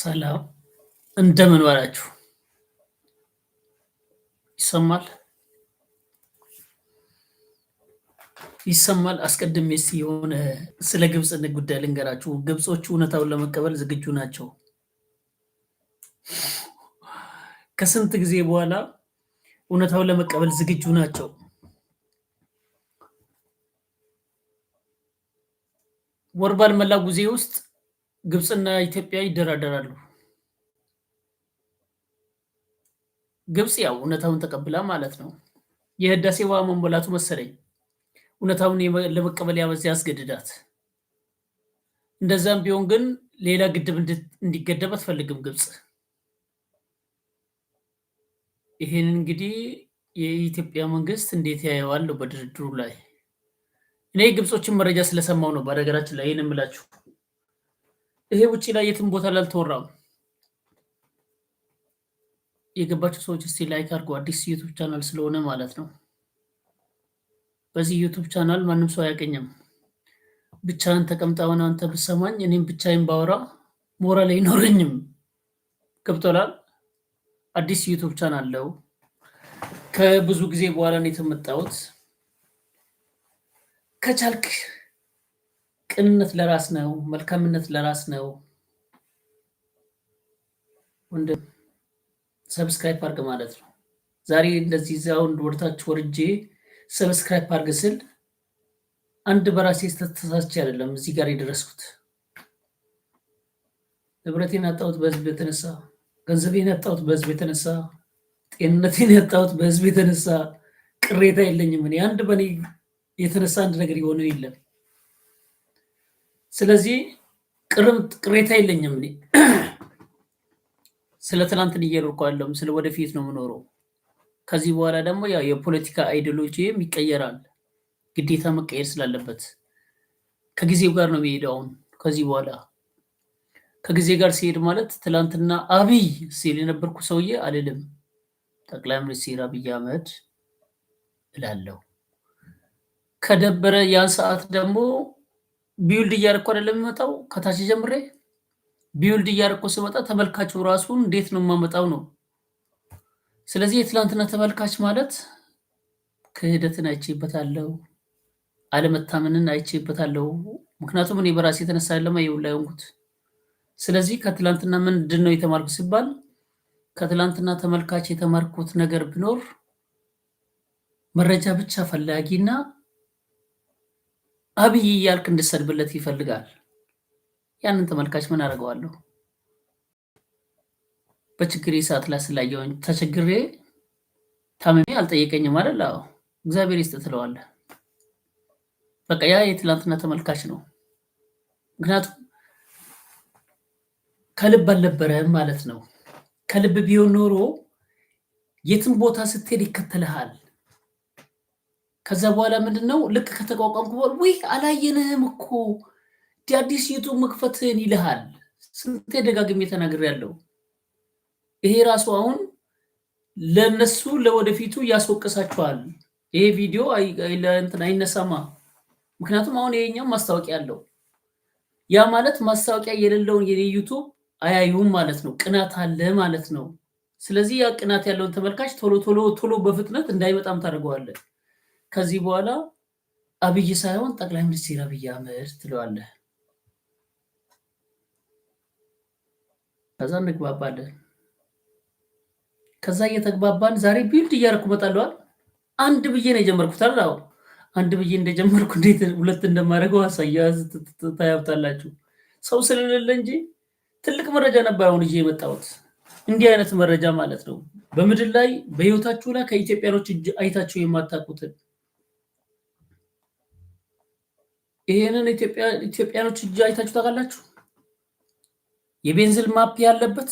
ሰላም እንደምን ዋላችሁ? ይሰማል ይሰማል። አስቀድሜ የሆነ ስለ ግብፅ ጉዳይ ልንገራችሁ። ግብፆቹ እውነታውን ለመቀበል ዝግጁ ናቸው። ከስንት ጊዜ በኋላ እውነታውን ለመቀበል ዝግጁ ናቸው። ወር ባልሞላ ጊዜ ውስጥ ግብፅና ኢትዮጵያ ይደራደራሉ። ግብፅ ያው እውነታውን ተቀብላ ማለት ነው የህዳሴ ውሃ መሞላቱ መሰለኝ እውነታውን ለመቀበል ያበዚያ አስገድዳት። እንደዛም ቢሆን ግን ሌላ ግድብ እንዲገደብ አትፈልግም ግብፅ። ይህን እንግዲህ የኢትዮጵያ መንግስት እንዴት ያየዋል በድርድሩ ላይ እኔ ግብጾችን መረጃ ስለሰማው ነው በነገራችን ላይ ይህን የምላችሁ ይሄ ውጭ ላይ የትም ቦታ ላይ አልተወራም። የገባቸው ሰዎች እስቲ ላይክ አድርጎ አዲስ ዩቱብ ቻናል ስለሆነ ማለት ነው። በዚህ ዩቱብ ቻናል ማንም ሰው አያገኝም። ብቻህን ተቀምጠውን አንተ ብሰማኝ እኔም ብቻዬን ባወራ ሞራል አይኖረኝም። ገብቶላል። አዲስ ዩቱብ ቻናል አለው። ከብዙ ጊዜ በኋላ ነው የተመጣሁት። ከቻልክ ቅንነት ለራስ ነው። መልካምነት ለራስ ነው። ወንድም ሰብስክራይብ አርግ ማለት ነው። ዛሬ እንደዚህ ዛውን ወርታች ወርጄ ሰብስክራይብ አርግ ስል አንድ በራሴ ተሳስቼ አይደለም እዚህ ጋር የደረስኩት። ንብረቴን ያጣሁት በህዝብ የተነሳ፣ ገንዘቤን ያጣሁት በህዝብ የተነሳ፣ ጤንነቴን ያጣሁት በህዝብ የተነሳ፣ ቅሬታ የለኝም እኔ አንድ በእኔ የተነሳ አንድ ነገር የሆነ የለም። ስለዚህ ቅሬታ የለኝም። እኔ ስለ ትናንትን እየኖርኩ አለሁም፣ ስለ ወደፊት ነው የምኖረው። ከዚህ በኋላ ደግሞ ያው የፖለቲካ አይዲዮሎጂም ይቀየራል፣ ግዴታ መቀየር ስላለበት ከጊዜው ጋር ነው የሚሄደው። አሁን ከዚህ በኋላ ከጊዜ ጋር ሲሄድ ማለት ትናንትና አብይ ሲል የነበርኩ ሰውዬ አልልም፣ ጠቅላይ ሚኒስትር አብይ አህመድ እላለሁ። ከደበረ ያን ሰዓት ደግሞ ቢውልድ እያደረኩ አይደለም የሚመጣው ከታች ጀምሬ ቢውልድ እያደረኩ ስመጣ ተመልካቹ ራሱ እንዴት ነው የማመጣው ነው። ስለዚህ የትላንትና ተመልካች ማለት ክህደትን አይቼበታለሁ፣ አለመታመንን አይቼበታለሁ። ምክንያቱም እኔ በራሴ የተነሳ ለማ የውላ የሆንኩት። ስለዚህ ከትላንትና ምንድን ነው የተማርኩ ሲባል ከትላንትና ተመልካች የተማርኩት ነገር ቢኖር መረጃ ብቻ ፈላጊና አብይ እያልክ እንድሰድብለት ይፈልጋል። ያንን ተመልካች ምን አደርገዋለሁ? በችግሬ ሰዓት ላይ ስላየውኝ ተችግሬ ታምሜ አልጠየቀኝም አይደል? አዎ እግዚአብሔር ይስጥ ትለዋለህ። በቃ ያ የትላንትና ተመልካች ነው። ምክንያቱም ከልብ አልነበረህም ማለት ነው። ከልብ ቢሆን ኖሮ የትም ቦታ ስትሄድ ይከተልሃል። ከዛ በኋላ ምንድን ነው ልክ ከተቋቋምኩ በኋላ ውይ አላየንህም እኮ አዲስ ዩቱብ መክፈትህን ይልሃል። ስንቴ ደጋግሜ ተናግሬያለሁ። ይሄ ራሱ አሁን ለነሱ ለወደፊቱ ያስወቅሳችኋል። ይሄ ቪዲዮ አይነሳማ። ምክንያቱም አሁን ይሄኛው ማስታወቂያ አለው። ያ ማለት ማስታወቂያ የሌለውን የዩቱብ አያዩም ማለት ነው። ቅናት አለ ማለት ነው። ስለዚህ ያ ቅናት ያለውን ተመልካች ቶሎ ቶሎ ቶሎ በፍጥነት እንዳይመጣም ታደርገዋለን። ከዚህ በኋላ አብይ ሳይሆን ጠቅላይ ሚኒስትር አብይ አህመድ ትለዋለህ። ከዛ እንግባባለን። ከዛ እየተግባባን ዛሬ ቢልድ እያደረኩ መጣለዋል። አንድ ብዬ ነው የጀመርኩት አይደል? አንድ ብዬ እንደጀመርኩ እንዴት ሁለት እንደማደርገው አሳያ ታያብታላችሁ። ሰው ስለሌለ እንጂ ትልቅ መረጃ ነበር አሁን ይዤ የመጣሁት። እንዲህ አይነት መረጃ ማለት ነው በምድር ላይ በህይወታችሁ ላይ ከኢትዮጵያኖች እጅ አይታችሁ የማታውቁትን ይሄንን ኢትዮጵያኖች እጅ አይታችሁ ታውቃላችሁ? የቤንዝል ማፕ ያለበት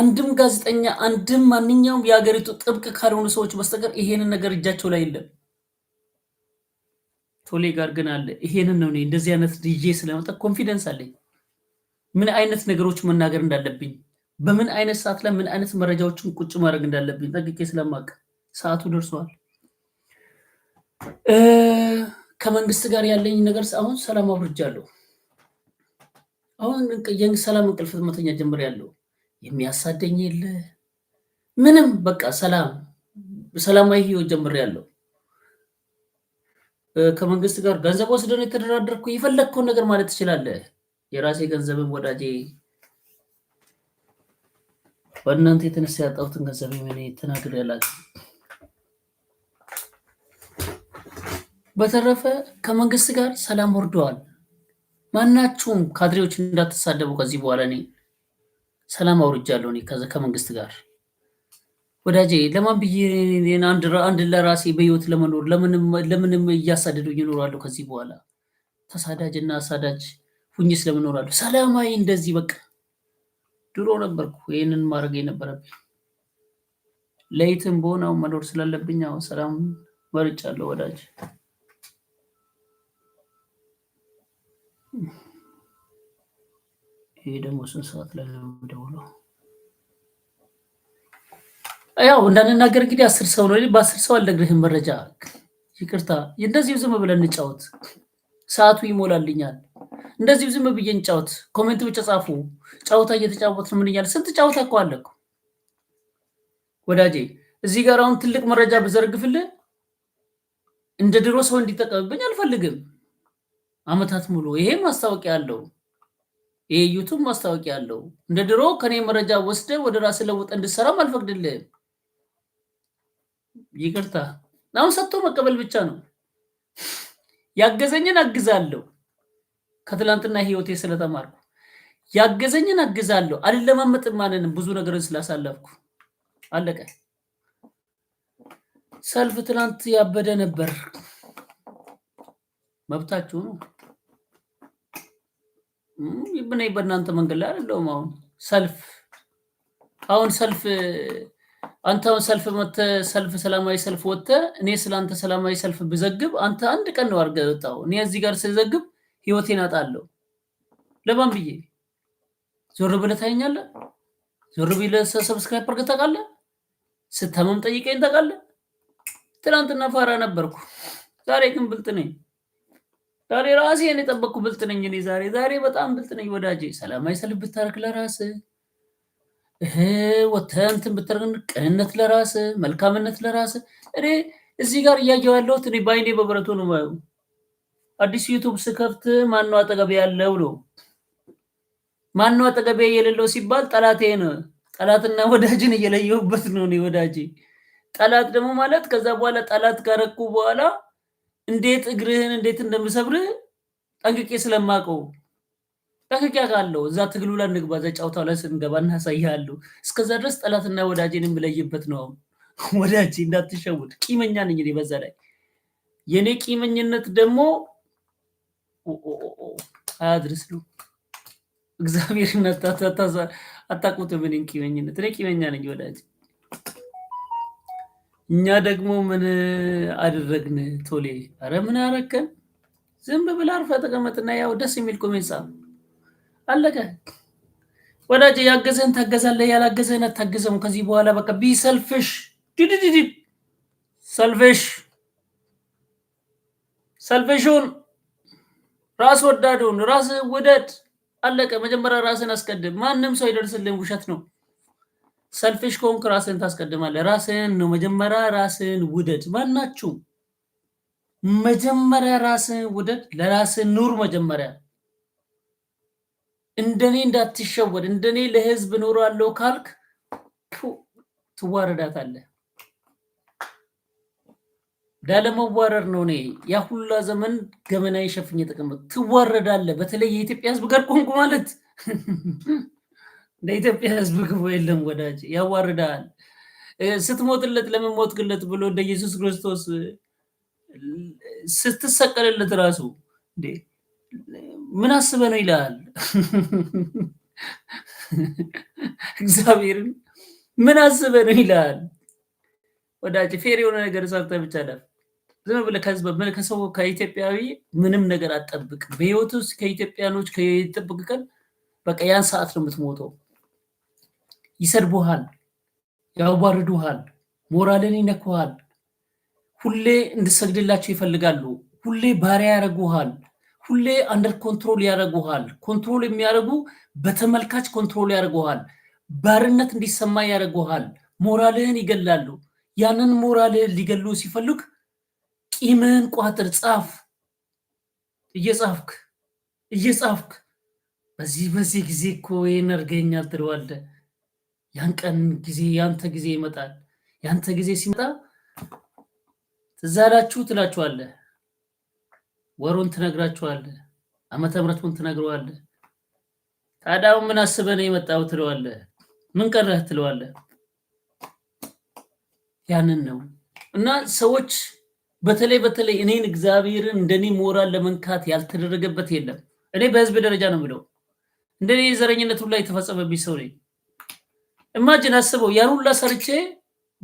አንድም ጋዜጠኛ አንድም ማንኛውም የሀገሪቱ ጥብቅ ካልሆኑ ሰዎች በስተቀር ይሄንን ነገር እጃቸው ላይ የለም። ቶሌ ጋር ግን አለ። ይሄንን ነው እንደዚህ አይነት ልጄ ስለመጣ ኮንፊደንስ አለኝ። ምን አይነት ነገሮች መናገር እንዳለብኝ፣ በምን አይነት ሰዓት ላይ ምን አይነት መረጃዎችን ቁጭ ማድረግ እንዳለብኝ ጠንቅቄ ስለማውቅ ሰዓቱ ደርሰዋል። ከመንግስት ጋር ያለኝ ነገር አሁን ሰላም አውርጃለሁ። አሁን ሰላም እንቅልፍ መተኛ ጀምር ያለው የሚያሳደኝ የለ ምንም በቃ ሰላም ሰላማዊ ህይወት ጀምር ያለው ከመንግስት ጋር ገንዘብ ወስደን የተደራደርኩ የፈለግከውን ነገር ማለት ትችላለህ። የራሴ ገንዘብን ወዳጄ በእናንተ የተነሳ ያጣሁትን ገንዘብ ምን ተናግር ያላችሁ በተረፈ ከመንግስት ጋር ሰላም ወርደዋል። ማናችሁም ካድሬዎች እንዳትሳደቡ ከዚህ በኋላ እኔ ሰላም አውርጃለሁ። እኔ ከመንግስት ጋር ወዳጄ ለማን ብዬ አንድ ለራሴ በህይወት ለመኖር ለምንም እያሳደዱኝ እኖራለሁ? ከዚህ በኋላ ተሳዳጅ እና አሳዳጅ ሁኝስ ለምኖራለሁ? ሰላማዊ እንደዚህ በቃ ድሮ ነበርኩ ይህንን ማድረግ የነበረብኝ ለይትም በሆነ አሁን መኖር ስላለብኝ ሰላም መርጫለሁ ወዳጅ ይሄ ደግሞ ስንት ሰዓት ላይ ነው የሚደውለው? ያው እንዳንናገር እንግዲህ አስር ሰው ነው። በአስር ሰው አልነግርህም መረጃ። ይቅርታ፣ እንደዚሁ ዝም ብለን እንጫወት፣ ሰዓቱ ይሞላልኛል። እንደዚሁ ዝም ብዬ እንጫወት። ኮሜንት ብቻ ጻፉ። ጫወታ እየተጫወትን ምን እያለ ስንት ጫወታ እኮ አለ እኮ ወዳጄ። እዚህ ጋር አሁን ትልቅ መረጃ ብዘርግፍልህ እንደ ድሮ ሰው እንዲጠቀምብኝ አልፈልግም። አመታት ሙሉ ይሄ ማስታወቂያ አለው፣ ይሄ ዩቱብ ማስታወቂያ አለው። እንደ ድሮ ከኔ መረጃ ወስደ ወደ ራስ ለውጠ እንድሰራም አልፈቅድልህም። ይቅርታ፣ አሁን ሰጥቶ መቀበል ብቻ ነው። ያገዘኝን አግዛለሁ። ከትላንትና ህይወቴ ስለተማርኩ ያገዘኝን አግዛለሁ። አልለማመጥም ማንንም ብዙ ነገርን ስላሳለፍኩ አለቀ። ሰልፍ ትላንት ያበደ ነበር። መብታችሁ ነው። ይብነ በእናንተ መንገድ ላይ አይደለሁም። አሁን ሰልፍ አሁን ሰልፍ አንተ ሰልፍ መተ ሰልፍ ሰላማዊ ሰልፍ ወተ እኔ ስለአንተ ሰላማዊ ሰልፍ ብዘግብ አንተ አንድ ቀን ነው አድርገህ ወጣው እኔ እዚህ ጋር ስዘግብ ህይወቴን አጣለሁ። ለማን ብዬ ዞር ብለህ ታየኛለህ? ዞር ብለህ ሰብስክራይብ አድርገህ ታውቃለህ? ስታመም ጠይቀኝ ታውቃለህ? ትናንትና ፋራ ነበርኩ፣ ዛሬ ግን ብልጥ ነኝ። ዛሬ ራሴን የጠበቅኩ ብልጥ ነኝ እኔ ዛሬ ዛሬ በጣም ብልጥ ነኝ ወዳጄ። ሰላማዊ ሰልፍ ብታደርግ ለራስ ወተህ እንትን ብታረግ ቅንነት ለራስ መልካምነት ለራስ እኔ እዚህ ጋር እያየሁ ያለሁት እኔ በአይኔ በብረቱ ነው የማየው። አዲስ ዩቱብ ስከፍት ማነው አጠገቤ ያለው ነው? ማነው አጠገቤ የሌለው ሲባል ጠላቴ ነው። ጠላትና ወዳጅን እየለየሁበት ነው እኔ ወዳጄ። ጠላት ደግሞ ማለት ከዛ በኋላ ጠላት ጋር በኋላ እንዴት እግርህን እንዴት እንደምሰብርህ ጠንቅቄ ስለማውቀው ጠንቅቄ አውቃለሁ። እዛ ትግሉ ላይ እንግባ፣ እዛ ጫውታው ላይ ስንገባ እናሳይሃለሁ። እስከዛ ድረስ ጠላትና ወዳጄን የምለይበት ነው። አሁን ወዳጄ እንዳትሸውድ፣ ቂመኛ ነኝ እኔ። በዛ ላይ የእኔ ቂመኝነት ደግሞ አያድርስ ነው። እግዚአብሔር አታቁትም እኔን ቂመኝነት። እኔ ቂመኛ ነኝ ወዳጄ እኛ ደግሞ ምን አደረግን? ቶሌ አረ ምን ያረከን? ዝም ብለህ አርፈህ ተቀመጥና ያው ደስ የሚል ኮሜንት ጻፍ። አለቀ ወዳጅ። ያገዘህን ታገዛለህ፣ ያላገዘህን አታገዘም። ከዚህ በኋላ በቃ ቢሰልፍሽ ዲዲዲዲ ሰልፍሽ ሰልፍሽን ራስ ወዳዱን ራስ ውደድ። አለቀ። መጀመሪያ ራስን አስቀድም። ማንም ሰው ይደርስልን ውሸት ነው። ሰልፊሽ ከሆንክ ራስህን ታስቀድማለህ። ራስህን ነው መጀመሪያ፣ ራስህን ውደድ። ማናችሁም መጀመሪያ ራስህን ውደድ፣ ለራስህን ኑር። መጀመሪያ እንደኔ እንዳትሸወድ። እንደኔ ለህዝብ አለው ካልክ ትዋረዳታለህ። ላለመዋረር ነው እኔ ያ ሁላ ዘመን ገመና የሸፍኝ የተቀመጥኩት። ትዋረዳለህ። በተለይ የኢትዮጵያ ህዝብ ጋር ቆንቁ ማለት ለኢትዮጵያ ሕዝብ ክፉ የለም ወዳጅ፣ ያዋርዳል። ስትሞትለት ለምን ሞትክለት ብሎ እንደ ኢየሱስ ክርስቶስ ስትሰቀልለት ራሱ ምን አስበ ነው ይላል። እግዚአብሔርን ምን አስበ ነው ይላል። ወዳጅ ፌር የሆነ ነገር ሰርተ ብቻ ለፍ ዝም ብለህ ከህዝብ ከሰው ከኢትዮጵያዊ ምንም ነገር አጠብቅ። በህይወት ውስጥ ከኢትዮጵያኖች ከጠብቅ ቀን በቃ ያን ሰዓት ነው የምትሞተው። ይሰድቡሃል፣ ያዋርዱሃል፣ ሞራልን ይነኩሃል፣ ሁሌ እንድሰግድላቸው ይፈልጋሉ፣ ሁሌ ባሪያ ያደረጉሃል፣ ሁሌ አንደር ኮንትሮል ያደረጉሃል። ኮንትሮል የሚያደርጉ በተመልካች ኮንትሮል ያደርጉሃል፣ ባርነት እንዲሰማ ያደርጉሃል፣ ሞራልህን ይገላሉ። ያንን ሞራልህን ሊገሉ ሲፈልግ ቂምህን ቋጥር፣ ጻፍ፣ እየጻፍክ እየጻፍክ በዚህ በዚህ ጊዜ እኮ ይህን አድርገኛል ትለዋለህ ያን ቀን ጊዜ ያንተ ጊዜ ይመጣል። ያንተ ጊዜ ሲመጣ ትዛላችሁ አላችሁ ትላችኋለህ፣ ወሩን ትነግራችኋለህ፣ ዓመተ ምሕረቱን ትነግረዋለህ። ታዲያ ምን አስበህ ነው የመጣው ትለዋለህ። ምን ቀረህ ትለዋለህ። ያንን ነው እና ሰዎች በተለይ በተለይ እኔን እግዚአብሔርን እንደኔ ሞራል ለመንካት ያልተደረገበት የለም። እኔ በህዝብ ደረጃ ነው የምለው። እንደኔ የዘረኝነቱ ላይ የተፈጸመብኝ ሰው ነኝ። ኢማጂን አስበው ያን ሁላ ሰርቼ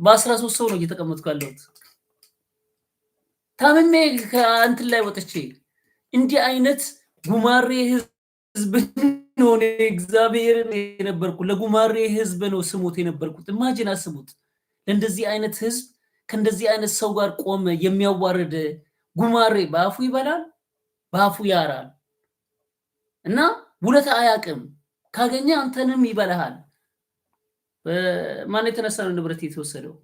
በአስራ ሶስት ሰው ነው እየተቀመጥኩ ያለሁት። ታምሜ ከእንትን ላይ ወጥቼ እንዲህ አይነት ጉማሬ ህዝብ ነው እግዚአብሔር የነበርኩ ለጉማሬ ህዝብ ነው ስሞት የነበርኩት። ኢማጂን አስቡት። ለእንደዚህ አይነት ህዝብ ከእንደዚህ አይነት ሰው ጋር ቆመ። የሚያዋርድ ጉማሬ በአፉ ይበላል፣ በአፉ ያራል እና ውለታ አያውቅም። ካገኘ አንተንም ይበላሃል። በማን የተነሳ ነው ንብረት የተወሰደው?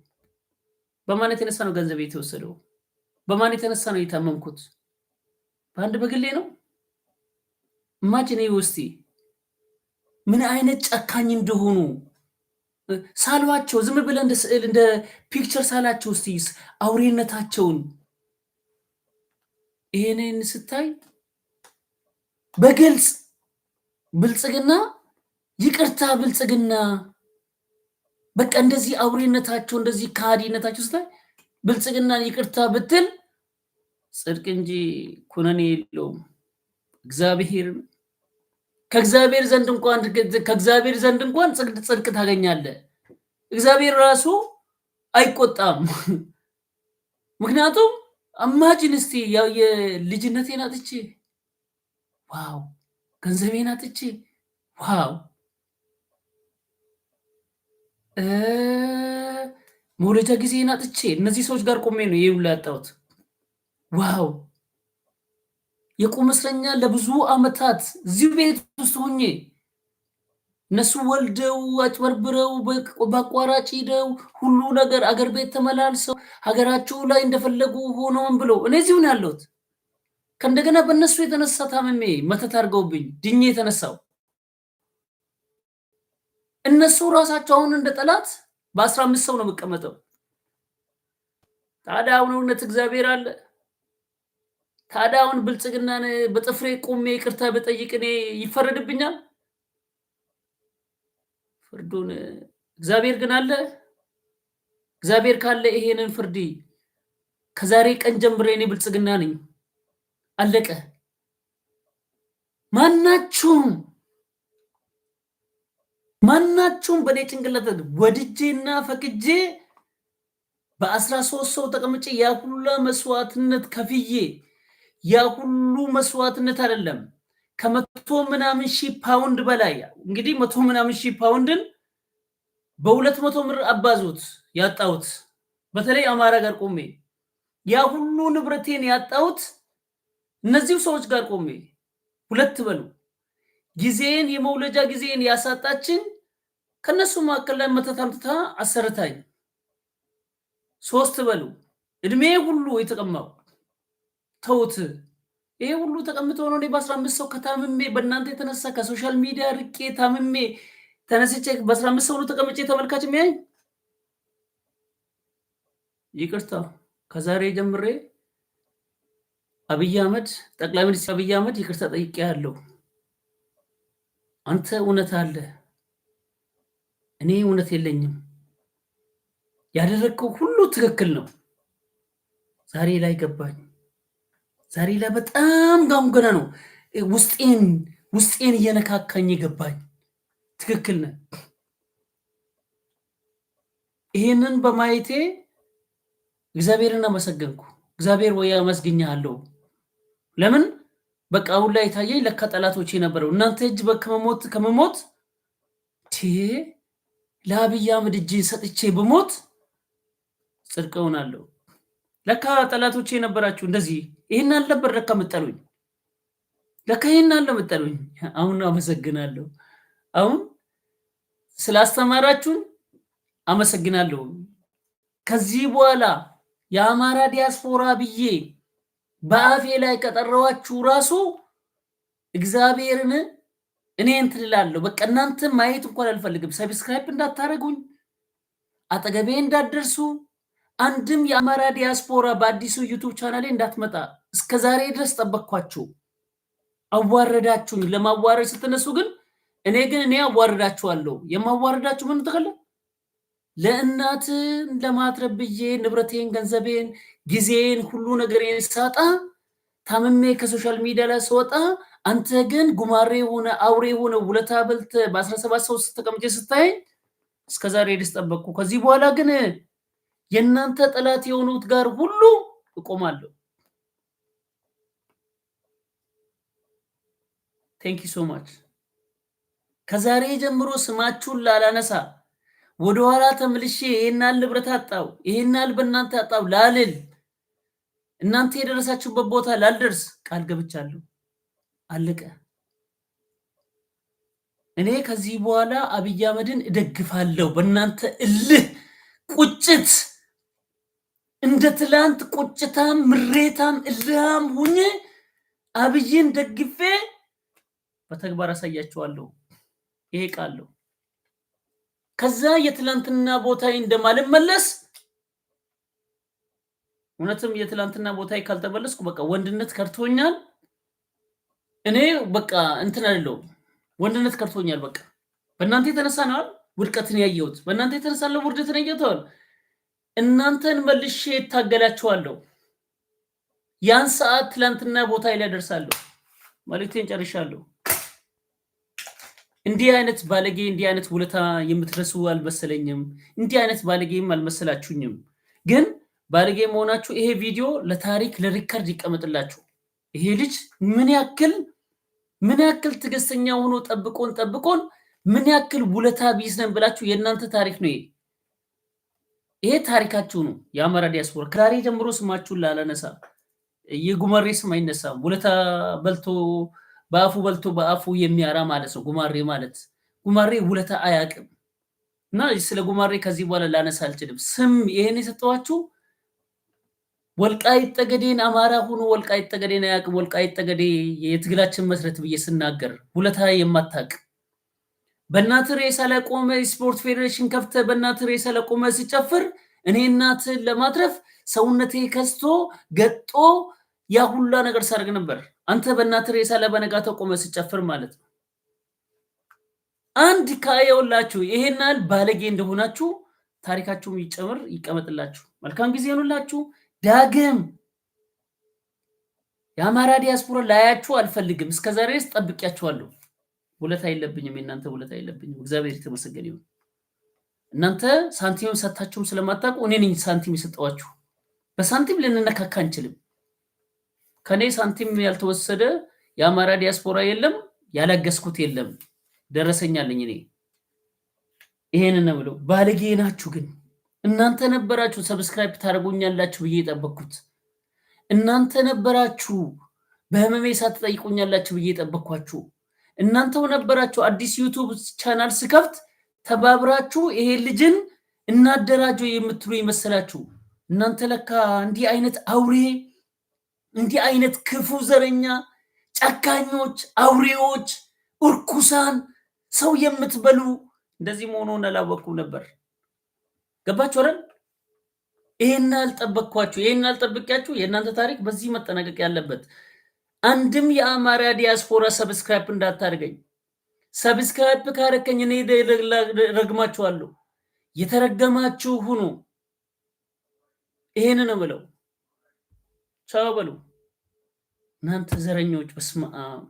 በማን የተነሳ ነው ገንዘብ የተወሰደው? በማን የተነሳ ነው የታመምኩት? በአንድ በግሌ ነው። ኢማጂን ውስቲ ምን አይነት ጨካኝ እንደሆኑ ሳሏቸው፣ ዝም ብለ እንደ ስዕል እንደ ፒክቸር ሳላቸው ውስቲ አውሬነታቸውን። ይህንን ስታይ በግልጽ ብልጽግና ይቅርታ ብልጽግና በቃ እንደዚህ አውሬነታቸው እንደዚህ ከሃዲነታቸው ስታይ ብልጽግናን ይቅርታ ብትል ጽድቅ እንጂ ኩነኔ የለውም። እግዚአብሔር ከእግዚአብሔር ዘንድ እንኳን ከእግዚአብሔር ዘንድ እንኳን ጽድቅ ታገኛለህ። እግዚአብሔር ራሱ አይቆጣም። ምክንያቱም አማጅን እስቲ ያው የልጅነቴን አጥቼ ዋው፣ ገንዘቤን አጥቼ ዋው መውለጃ ጊዜ ናጥቼ እነዚህ ሰዎች ጋር ቆሜ ነው ይህ ሁሉ ያጣሁት። ዋው የቁም እስረኛ ለብዙ አመታት እዚሁ ቤት ውስጥ ሁኜ እነሱ ወልደው አጭበርብረው በአቋራጭ ሂደው ሁሉ ነገር አገር ቤት ተመላልሰው ሀገራቸው ላይ እንደፈለጉ ሆነውን ብለው እኔ እዚሁ ነው ያለሁት። ከእንደገና በእነሱ የተነሳ ታምሜ መተት አድርገውብኝ ድኜ የተነሳው እነሱ ራሳቸው አሁን እንደ ጠላት በአስራ አምስት ሰው ነው የምቀመጠው። ታዲያ አሁን እውነት እግዚአብሔር አለ? ታዲያ አሁን ብልጽግናን በጥፍሬ ቁሜ ይቅርታ በጠይቅ እኔ ይፈረድብኛል? ፍርዱን እግዚአብሔር ግን አለ። እግዚአብሔር ካለ ይሄንን ፍርድ ከዛሬ ቀን ጀምሬ እኔ ብልጽግና ነኝ። አለቀ። ማናችሁም ማናችሁም በእኔ ጭንቅላት ወድጄና ፈቅጄ በአስራ ሶስት ሰው ተቀምጬ ያ ሁሉ መስዋዕትነት ከፍዬ ያ ሁሉ መስዋዕትነት አይደለም ከመቶ ምናምን ሺህ ፓውንድ በላይ እንግዲህ መቶ ምናምን ሺህ ፓውንድን በሁለት መቶ ምር አባዙት ያጣሁት በተለይ አማራ ጋር ቆሜ ያ ሁሉ ንብረቴን ያጣሁት እነዚሁ ሰዎች ጋር ቆሜ ሁለት በሉ ጊዜን የመውለጃ ጊዜን ያሳጣችን ከነሱ መካከል ላይ መተት አምጥታ አሰርታኝ ሶስት በሉ እድሜ ሁሉ የተቀማው ተውት። ይሄ ሁሉ ተቀምጦ ነው። እኔ በአስራ አምስት ሰው ከታምሜ በእናንተ የተነሳ ከሶሻል ሚዲያ ርቄ ታምሜ ተነስቼ በአስራ አምስት ሰው ተቀምጬ ተመልካች የሚያኝ ይቅርታ፣ ከዛሬ ጀምሬ አብይ አህመድ ጠቅላይ ሚኒስትር አብይ አህመድ ይቅርታ ጠይቄ ያለው አንተ እውነት አለ፣ እኔ እውነት የለኝም። ያደረግከው ሁሉ ትክክል ነው። ዛሬ ላይ ገባኝ። ዛሬ ላይ በጣም ጋሙገና ነው ውስጤን ውስጤን እየነካካኝ ገባኝ። ትክክል ነ ይህንን በማየቴ እግዚአብሔርን አመሰገንኩ። እግዚአብሔር ወይ አለው። ለምን በቃ አሁን ላይ የታየኝ ለካ ጠላቶች የነበረው እናንተ እጅ ከመሞት ከመሞት ለአብይ አህመድ እጅ ሰጥቼ ብሞት ጽድቀውን አለው። ለካ ጠላቶቼ የነበራችሁ እንደዚህ ይህን አልነበር ለካ ምጠሉኝ፣ ለካ ይህን አለ ምጠሉኝ። አሁን አመሰግናለሁ። አሁን ስላስተማራችሁን አመሰግናለሁ። ከዚህ በኋላ የአማራ ዲያስፖራ ብዬ በአፌ ላይ ከጠራዋችሁ ራሱ እግዚአብሔርን እኔ እንትን እላለሁ። በቃ እናንተ ማየት እንኳን አልፈልግም። ሰብስክራይብ እንዳታደርጉኝ፣ አጠገቤ እንዳትደርሱ፣ አንድም የአማራ ዲያስፖራ በአዲሱ ዩቱብ ቻናሌ እንዳትመጣ። እስከ ዛሬ ድረስ ጠበቅኳችሁ፣ አዋረዳችሁኝ። ለማዋረድ ስትነሱ ግን እኔ ግን እኔ አዋረዳችኋለሁ። የማዋረዳችሁ ምን ተከለ ለእናት ለማትረብ ብዬ ንብረቴን፣ ገንዘቤን፣ ጊዜን፣ ሁሉ ነገሬን ሳጣ ታምሜ ከሶሻል ሚዲያ ላይ ስወጣ አንተ ግን ጉማሬ ሆነ አውሬ ሆነ ውለታ በልተ በአስራ ሰባት ሰው ስትቀምጭ ስታይ እስከዛሬ ደስ ጠበቅኩ። ከዚህ በኋላ ግን የእናንተ ጠላት የሆኑት ጋር ሁሉ እቆማለሁ። ቴንክ ዩ ሶ ማች። ከዛሬ ጀምሮ ስማችሁን ላላነሳ ኋላ ተመልሼ ይህን ያህል ንብረት አጣው፣ ይህን በእናንተ አጣው ላልል፣ እናንተ የደረሳችሁበት ቦታ ላልደርስ ቃል ገብቻለሁ። አለቀ። እኔ ከዚህ በኋላ አብይ አህመድን እደግፋለሁ። በእናንተ እልህ፣ ቁጭት እንደ ትላንት ቁጭታም፣ ምሬታም፣ እልሃም ሁኜ አብይን ደግፌ በተግባር አሳያችኋለሁ። ይሄ ቃል ነው። ከዛ የትላንትና ቦታ እንደማልመለስ እውነትም የትላንትና ቦታ ካልተመለስኩ በቃ ወንድነት ከርቶኛል። እኔ በቃ እንትን አይደለሁም። ወንድነት ከርቶኛል። በቃ በእናንተ የተነሳ ነዋል ውድቀትን ያየሁት፣ በእናንተ የተነሳ ነው ውርደትን ያየተዋል። እናንተን መልሼ እታገላችኋለሁ። ያን ሰዓት ትላንትና ቦታ ላይ ደርሳለሁ። መልእክቴን ጨርሻለሁ። እንዲህ አይነት ባለጌ እንዲህ አይነት ውለታ የምትረሱ አልመሰለኝም። እንዲህ አይነት ባለጌም አልመሰላችሁኝም። ግን ባለጌ መሆናችሁ ይሄ ቪዲዮ ለታሪክ ለሪከርድ ይቀመጥላችሁ። ይሄ ልጅ ምን ያክል ምን ያክል ትዕግስተኛ ሆኖ ጠብቆን ጠብቆን ምን ያክል ውለታ ቢስ ነን ብላችሁ የእናንተ ታሪክ ነው ይሄ። ይሄ ታሪካችሁ ነው። የአማራ ዲያስፖራ ከዛሬ ጀምሮ ስማችሁን ላላነሳ የጉመሬ ስም አይነሳም። ውለታ በልቶ በአፉ በልቶ በአፉ የሚያራ ማለት ነው ጉማሬ ማለት። ጉማሬ ውለታ አያውቅም። እና ስለ ጉማሬ ከዚህ በኋላ ላነሳ አልችልም። ስም ይሄን የሰጠዋችሁ ወልቃይት ጠገዴን አማራ ሆኖ ወልቃይት ጠገዴን አያውቅም። ወልቃይት ጠገዴ የትግላችን መስረት ብዬ ስናገር ውለታ የማታውቅ በእናት ሬሳ ላይ ቆመ ስፖርት ፌዴሬሽን ከፍተ በእናት ሬሳ ላይ ቆመ ሲጨፍር እኔ እናትን ለማትረፍ ሰውነቴ ከስቶ ገጦ ያ ሁላ ነገር ሳደርግ ነበር። አንተ በእናትህ ሬሳ ላይ በነጋታው ቆመ ስጨፍር ማለት ነው። አንድ ካየውላችሁ ይሄን ያህል ባለጌ እንደሆናችሁ ታሪካችሁም ይጨምር ይቀመጥላችሁ። መልካም ጊዜ ይሆኑላችሁ። ዳግም የአማራ ዲያስፖራ ላያችሁ አልፈልግም። እስከዛሬ ድረስ ጠብቂያችኋለሁ። ውለታ የለብኝም፣ የእናንተ ውለታ የለብኝም። እግዚአብሔር የተመሰገነ ይሁን። እናንተ ሳንቲም ሰታችሁም ስለማታውቁ እኔ ነኝ ሳንቲም የሰጠዋችሁ። በሳንቲም ልንነካካ አንችልም። ከኔ ሳንቲም ያልተወሰደ የአማራ ዲያስፖራ የለም፣ ያላገዝኩት የለም። ደረሰኛለኝ እኔ ይሄንን ነው ብለው። ባለጌ ናችሁ ግን እናንተ ነበራችሁ ሰብስክራይብ ታደርጉኛላችሁ ብዬ የጠበኩት እናንተ ነበራችሁ በህመሜ ሳትጠይቁኛላችሁ ብዬ የጠበኳችሁ እናንተው ነበራችሁ። አዲስ ዩቱብ ቻናል ስከፍት ተባብራችሁ ይሄ ልጅን እናደራጀው የምትሉ ይመስላችሁ። እናንተ ለካ እንዲህ አይነት አውሬ እንዲህ አይነት ክፉ ዘረኛ፣ ጨካኞች፣ አውሬዎች፣ እርኩሳን ሰው የምትበሉ እንደዚህ መሆኑን አላወቅኩም ነበር። ገባችሁ አይደል? ይሄን አልጠበቅኳችሁ፣ ይህን አልጠብቂያችሁ። የእናንተ ታሪክ በዚህ መጠናቀቅ ያለበት። አንድም የአማራ ዲያስፖራ ሰብስክራይብ እንዳታደርገኝ። ሰብስክራይብ ካረከኝ እኔ ረግማችኋለሁ። የተረገማችሁ ሁኑ። ይሄን ነው ብለው ቻው በሉ እናንተ ዘረኞች። በስመ አብ